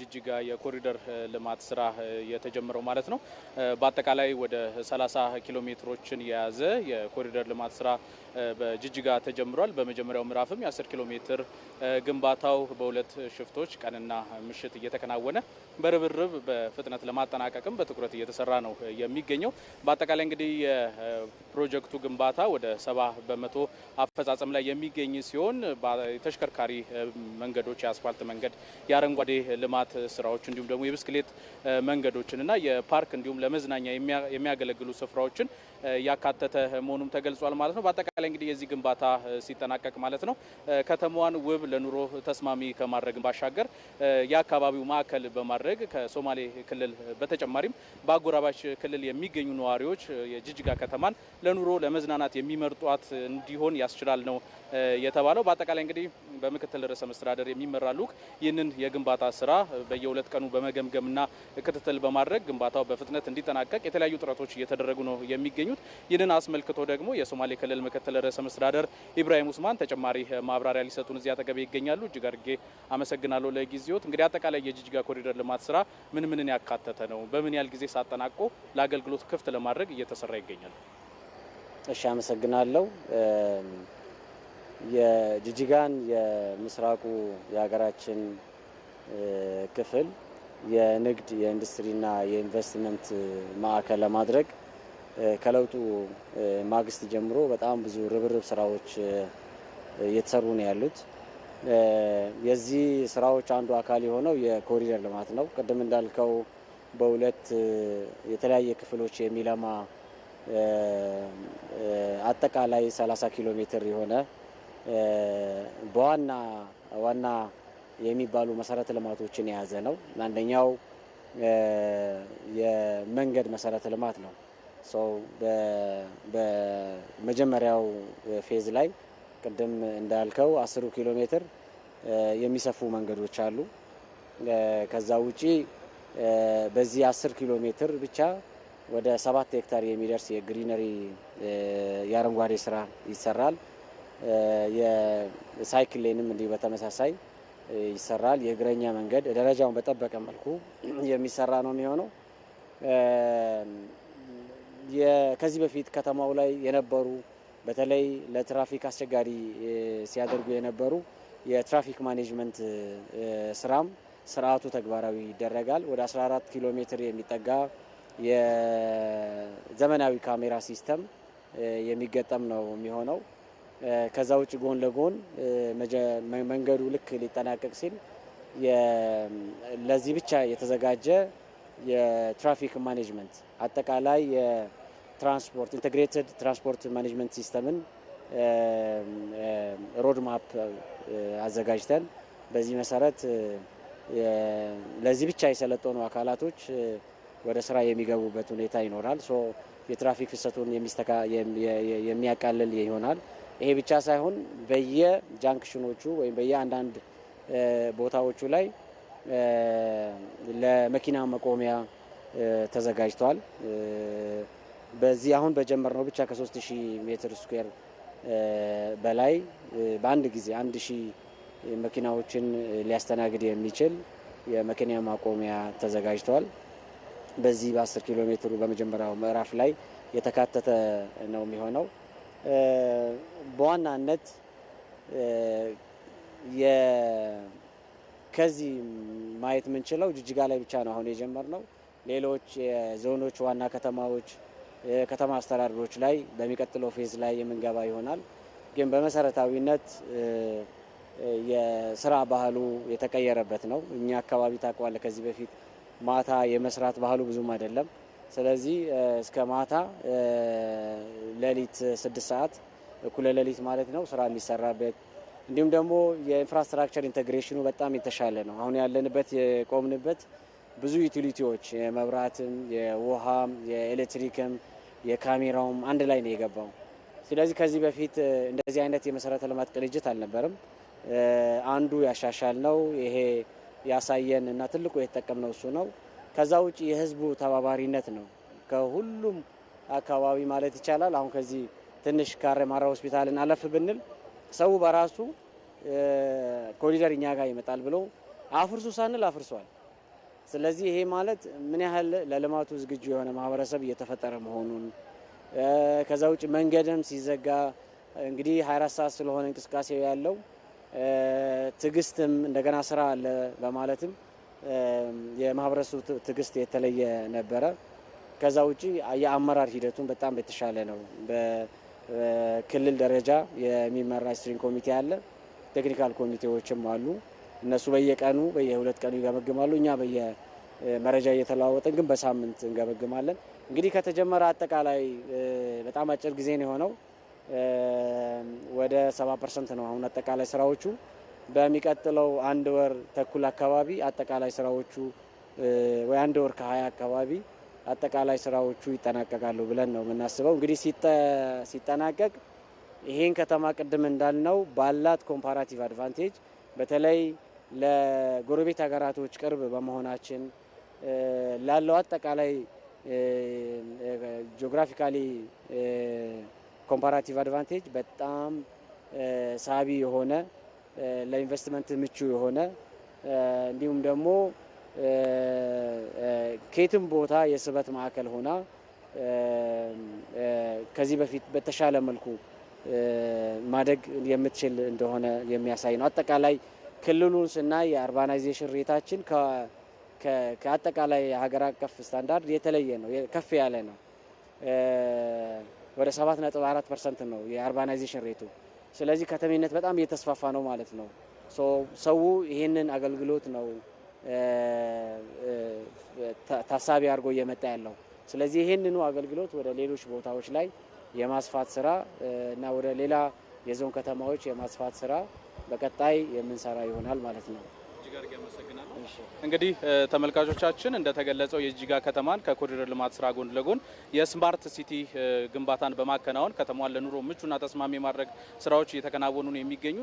ጅጅጋ የኮሪደር ልማት ስራ የተጀመረው ማለት ነው። በአጠቃላይ ወደ 30 ኪሎ ሜትሮችን የያዘ የኮሪደር ልማት ስራ በጅጅጋ ተጀምሯል። በመጀመሪያው ምዕራፍም የ10 ኪሎ ሜትር ግንባታው በሁለት ሽፍቶች ቀንና ምሽት እየተከናወነ በርብርብ በፍጥነት ለማጠናቀቅም በትኩረት እየተሰራ ነው የሚገኘው። በአጠቃላይ እንግዲህ የፕሮጀክቱ ግንባታ ወደ ሰባ በመቶ አፈጻጸም ላይ የሚገኝ ሲሆን የተሽከርካሪ መንገዶች፣ የአስፋልት መንገድ፣ የአረንጓዴ ልማት የማጽዳት ስራዎች እንዲሁም ደግሞ የብስክሌት መንገዶችን እና የፓርክ እንዲሁም ለመዝናኛ የሚያገለግሉ ስፍራዎችን ያካተተ መሆኑም ተገልጿል ማለት ነው። በአጠቃላይ እንግዲህ የዚህ ግንባታ ሲጠናቀቅ ማለት ነው ከተማዋን ውብ ለኑሮ ተስማሚ ከማድረግ ባሻገር የአካባቢው ማዕከል በማድረግ ከሶማሌ ክልል በተጨማሪም በአጎራባች ክልል የሚገኙ ነዋሪዎች የጅጅጋ ከተማን ለኑሮ ለመዝናናት የሚመርጧት እንዲሆን ያስችላል ነው የተባለው። በአጠቃላይ እንግዲህ በምክትል ርዕሰ መስተዳደር የሚመራ ልዑክ ይህንን የግንባታ ስራ በየሁለት ቀኑ በመገምገምና ክትትል በማድረግ ግንባታው በፍጥነት እንዲጠናቀቅ የተለያዩ ጥረቶች እየተደረጉ ነው የሚገኙት። የሚገኙት። ይህንን አስመልክቶ ደግሞ የሶማሌ ክልል ምክትል ርዕሰ መስተዳደር ኢብራሂም ኡስማን ተጨማሪ ማብራሪያ ሊሰጡን እዚህ አጠገቤ ይገኛሉ። እጅግ አድርጌ አመሰግናለሁ ለጊዜዎት። እንግዲህ አጠቃላይ የጅጅጋ ኮሪደር ልማት ስራ ምን ምንን ያካተተ ነው? በምን ያህል ጊዜ ሳጠናቆ ለአገልግሎት ክፍት ለማድረግ እየተሰራ ይገኛል? እሺ፣ አመሰግናለሁ። የጅጅጋን የምስራቁ የሀገራችን ክፍል የንግድ የኢንዱስትሪና የኢንቨስትመንት ማዕከል ለማድረግ ከለውጡ ማግስት ጀምሮ በጣም ብዙ ርብርብ ስራዎች እየተሰሩ ነው ያሉት። የዚህ ስራዎች አንዱ አካል የሆነው የኮሪደር ልማት ነው። ቅድም እንዳልከው በሁለት የተለያየ ክፍሎች የሚለማ አጠቃላይ 30 ኪሎ ሜትር የሆነ በዋና ዋና የሚባሉ መሰረተ ልማቶችን የያዘ ነው። አንደኛው የመንገድ መሰረተ ልማት ነው። በመጀመሪያው ፌዝ ላይ ቅድም እንዳልከው አስሩ ኪሎ ሜትር የሚሰፉ መንገዶች አሉ። ከዛ ውጪ በዚህ አስር ኪሎ ሜትር ብቻ ወደ ሰባት ሄክታር የሚደርስ የግሪነሪ የአረንጓዴ ስራ ይሰራል። የሳይክል ሌንም እንዲሁ በተመሳሳይ ይሰራል። የእግረኛ መንገድ ደረጃውን በጠበቀ መልኩ የሚሰራ ነው የሚሆነው። ከዚህ በፊት ከተማው ላይ የነበሩ በተለይ ለትራፊክ አስቸጋሪ ሲያደርጉ የነበሩ የትራፊክ ማኔጅመንት ስራም ስርዓቱ ተግባራዊ ይደረጋል። ወደ 14 ኪሎ ሜትር የሚጠጋ የዘመናዊ ካሜራ ሲስተም የሚገጠም ነው የሚሆነው። ከዛ ውጭ ጎን ለጎን መንገዱ ልክ ሊጠናቀቅ ሲል ለዚህ ብቻ የተዘጋጀ የትራፊክ ማኔጅመንት አጠቃላይ የትራንስፖርት ኢንቴግሬትድ ትራንስፖርት ማኔጅመንት ሲስተምን ሮድ ማፕ አዘጋጅተን በዚህ መሰረት ለዚህ ብቻ የሰለጠኑ አካላቶች ወደ ስራ የሚገቡበት ሁኔታ ይኖራል። ሶ የትራፊክ ፍሰቱን የሚያቃልል ይሆናል። ይሄ ብቻ ሳይሆን በየጃንክሽኖቹ ወይም በየአንዳንድ ቦታዎቹ ላይ ለመኪና መቆሚያ ተዘጋጅቷል። በዚህ አሁን በጀመርነው ብቻ ከ3000 ሜትር ስኩዌር በላይ በአንድ ጊዜ 1000 መኪናዎችን ሊያስተናግድ የሚችል የመኪና ማቆሚያ ተዘጋጅቷል። በዚህ በ10 ኪሎ ሜትሩ በመጀመሪያው ምዕራፍ ላይ የተካተተ ነው የሚሆነው በዋናነት ከዚህ ማየት የምንችለው ጅጅጋ ላይ ብቻ ነው አሁን የጀመርነው። ሌሎች የዞኖች ዋና ከተማዎች፣ ከተማ አስተዳደሮች ላይ በሚቀጥለው ፌዝ ላይ የምንገባ ይሆናል። ግን በመሰረታዊነት የስራ ባህሉ የተቀየረበት ነው። እኛ አካባቢ ታውቋል፣ ከዚህ በፊት ማታ የመስራት ባህሉ ብዙም አይደለም። ስለዚህ እስከ ማታ ሌሊት ስድስት ሰዓት እኩለ ሌሊት ማለት ነው ስራ የሚሰራበት እንዲሁም ደግሞ የኢንፍራስትራክቸር ኢንቴግሬሽኑ በጣም የተሻለ ነው። አሁን ያለንበት የቆምንበት ብዙ ዩቲሊቲዎች የመብራትም፣ የውሃም፣ የኤሌክትሪክም የካሜራውም አንድ ላይ ነው የገባው። ስለዚህ ከዚህ በፊት እንደዚህ አይነት የመሰረተ ልማት ቅንጅት አልነበርም። አንዱ ያሻሻል ነው ይሄ ያሳየን እና ትልቁ የተጠቀምነው እሱ ነው። ከዛ ውጭ የህዝቡ ተባባሪነት ነው ከሁሉም አካባቢ ማለት ይቻላል። አሁን ከዚህ ትንሽ ካሬ ማራ ሆስፒታልን አለፍ ብንል ሰው በራሱ ኮሪደር እኛ ጋር ይመጣል ብሎ አፍርሱ ሳንል አፍርሷል። ስለዚህ ይሄ ማለት ምን ያህል ለልማቱ ዝግጁ የሆነ ማህበረሰብ እየተፈጠረ መሆኑን ከዛ ውጭ መንገድም ሲዘጋ እንግዲህ 24 ሰዓት ስለሆነ እንቅስቃሴ ያለው ትግስትም እንደገና ስራ አለ በማለትም የማህበረሰቡ ትዕግስት የተለየ ነበረ። ከዛ ውጭ የአመራር ሂደቱን በጣም የተሻለ ነው። ክልል ደረጃ የሚመራ ስትሪንግ ኮሚቴ አለ፣ ቴክኒካል ኮሚቴዎችም አሉ። እነሱ በየቀኑ በየሁለት ቀኑ ይገመግማሉ። እኛ በየመረጃ እየተለዋወጠን ግን በሳምንት እንገመግማለን። እንግዲህ ከተጀመረ አጠቃላይ በጣም አጭር ጊዜ ነው የሆነው። ወደ ሰባ ፐርሰንት ነው አሁን አጠቃላይ ስራዎቹ። በሚቀጥለው አንድ ወር ተኩል አካባቢ አጠቃላይ ስራዎቹ ወይ አንድ ወር ከሀያ አካባቢ አጠቃላይ ስራዎቹ ይጠናቀቃሉ ብለን ነው የምናስበው። እንግዲህ ሲጠናቀቅ ይሄን ከተማ ቅድም እንዳልነው ባላት ኮምፓራቲቭ አድቫንቴጅ በተለይ ለጎረቤት ሀገራቶች ቅርብ በመሆናችን ላለው አጠቃላይ ጂኦግራፊካሊ ኮምፓራቲቭ አድቫንቴጅ በጣም ሳቢ የሆነ ለኢንቨስትመንት ምቹ የሆነ እንዲሁም ደግሞ ከየትም ቦታ የስበት ማዕከል ሆና ከዚህ በፊት በተሻለ መልኩ ማደግ የምትችል እንደሆነ የሚያሳይ ነው። አጠቃላይ ክልሉን ስናይ የአርባናይዜሽን ሬታችን ከአጠቃላይ የሀገር አቀፍ ስታንዳርድ የተለየ ነው፣ ከፍ ያለ ነው። ወደ 7.4 ፐርሰንት ነው የአርባናይዜሽን ሬቱ። ስለዚህ ከተሜነት በጣም እየተስፋፋ ነው ማለት ነው። ሰው ይህንን አገልግሎት ነው ታሳቢ አድርጎ እየመጣ ያለው። ስለዚህ ይህንኑ አገልግሎት ወደ ሌሎች ቦታዎች ላይ የማስፋት ስራ እና ወደ ሌላ የዞን ከተማዎች የማስፋት ስራ በቀጣይ የምንሰራ ይሆናል ማለት ነው። እንግዲህ ተመልካቾቻችን እንደተገለጸው የእጅጋ ከተማን ከኮሪደር ልማት ስራ ጎን ለጎን የስማርት ሲቲ ግንባታን በማከናወን ከተማዋን ለኑሮ ምቹና ተስማሚ ማድረግ ስራዎች እየተከናወኑ ነው የሚገኙ